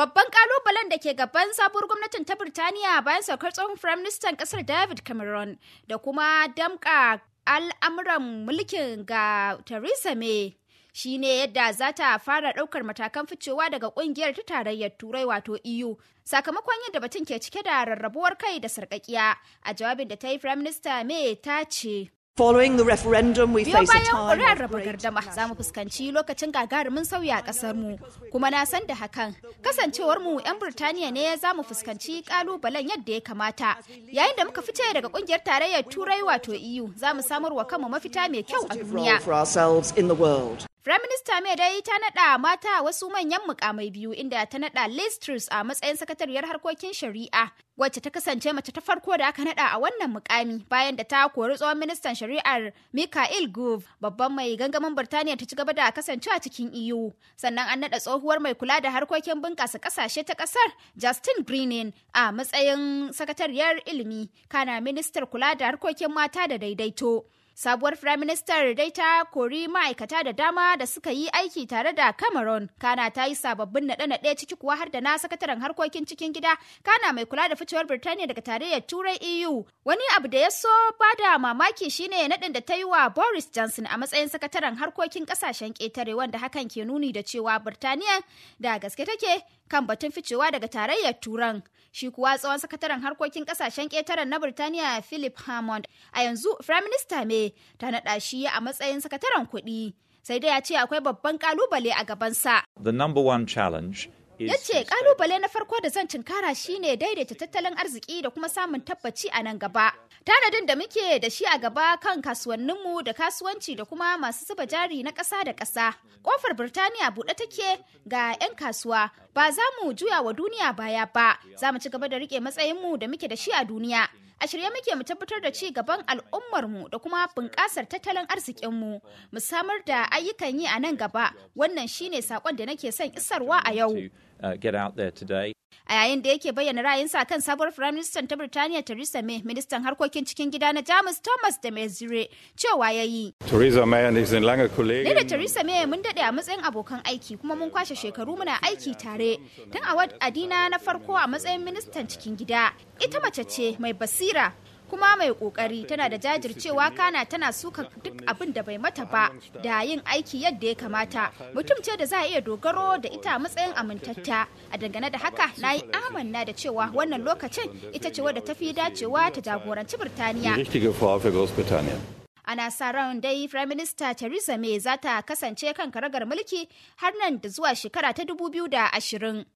Babban kalubalen da ke gaban sabuwar gwamnatin ta Birtaniya bayan saukar tsohon Firaministan kasar David Cameron da kuma damka al'amuran mulkin ga Theresa May shi ne yadda za ta fara ɗaukar matakan ficewa daga ƙungiyar ta tarayyar turai wato EU sakamakon yadda batun ke cike da rarrabuwar kai da sarƙaƙiya a jawabin da ta yi firaminista May ta ce. Following the referendum, we face a ƙuri'ar raba gardama za mu fuskanci lokacin gagarumin sauya a mu kuma na san da hakan kasancewar mu 'yan Birtaniya ne ya zamu fuskanci kalubalen yadda ya kamata. Yayin da muka fice daga kungiyar tarayyar Turai wato EU za mu samar wa kanmu mafita mai kyau a duniya. Minista mai dai ta naɗa mata wasu manyan mukamai biyu inda ta naɗa Liz Truss a matsayin sakatariyar harkokin shari'a wacce ta kasance mace ta farko da aka naɗa a wannan mukami bayan da ta kori tsohon ministan shari'ar Michael Gove babban mai gangamin Birtaniya ta ci gaba da kasancewa cikin EU sannan an naɗa tsohuwar mai kula da harkokin bunƙasa ƙasashe ta kasar Justin Greening a matsayin sakatariyar ilimi kana ministar kula da harkokin mata da daidaito. Sabuwar Firaministar dai ta kori ma'aikata da dama da suka yi aiki tare da cameroon Kana ta yi sababbin naɗe-naɗe ciki kuwa har da na sakataren harkokin cikin gida. Kana mai kula da ficewar Birtaniya daga tarayyar Turai EU. Wani abu da ya so ba da mamaki shine naɗin da ta yi wa Boris Johnson a matsayin sakataren harkokin ƙasashen ƙetare wanda hakan ke nuni da cewa Birtaniya da gaske take kan batun ficewa daga tarayyar Turan. Shi kuwa tsawon sakataren harkokin ƙasashen ƙetaren na Birtaniya Philip Hammond. A yanzu Firaminista mai ta naɗa shi a matsayin sakataren kuɗi. Sai dai ya ce akwai babban kalubale a gabansa. The number one challenge ya ce kalubale na farko da zan cinkara shine daidaita tattalin arziki da kuma samun tabbaci a nan gaba tanadin da muke da shi a gaba kan kasuwanninmu da kasuwanci da kuma masu zuba jari na ƙasa da ƙasa ƙofar birtaniya buɗe take ga 'yan kasuwa ba za mu juya wa duniya baya ba za mu ci gaba da riƙe matsayinmu da muke da shi a duniya A shirye muke mu tabbatar da ci gaban al'ummarmu da kuma bunƙasar tattalin arzikinmu. Mu samar da ayyukan yi a nan gaba. Wannan shine saƙon da nake son isarwa a yau. Uh, get out there today. A yayin da yake bayyana ra'ayinsa kan sabuwar Firaministan ta Birtaniya Theresa May, ministan harkokin cikin gida na Jamus Thomas da Mezire cewa ya yi. Theresa May Ni da Theresa May mun daɗe a matsayin abokan aiki kuma mun kwashe shekaru muna aiki tare. Tun a adina na farko a matsayin ministan cikin gida. Ita mace ce mai basira, kuma mai kokari tana da jajircewa kana tana suka duk abin da bai mata ba da yin aiki yadda ya kamata mutum ce da za a iya dogaro da ita matsayin amintatta a dangane da haka na yi amanna da cewa wannan lokacin ita ce wadda ta fi dacewa ta jagoranci birtaniya ana sa ran dai prime minister theresa may za ta kasance kan karagar mulki har nan da zuwa shekara ta 2020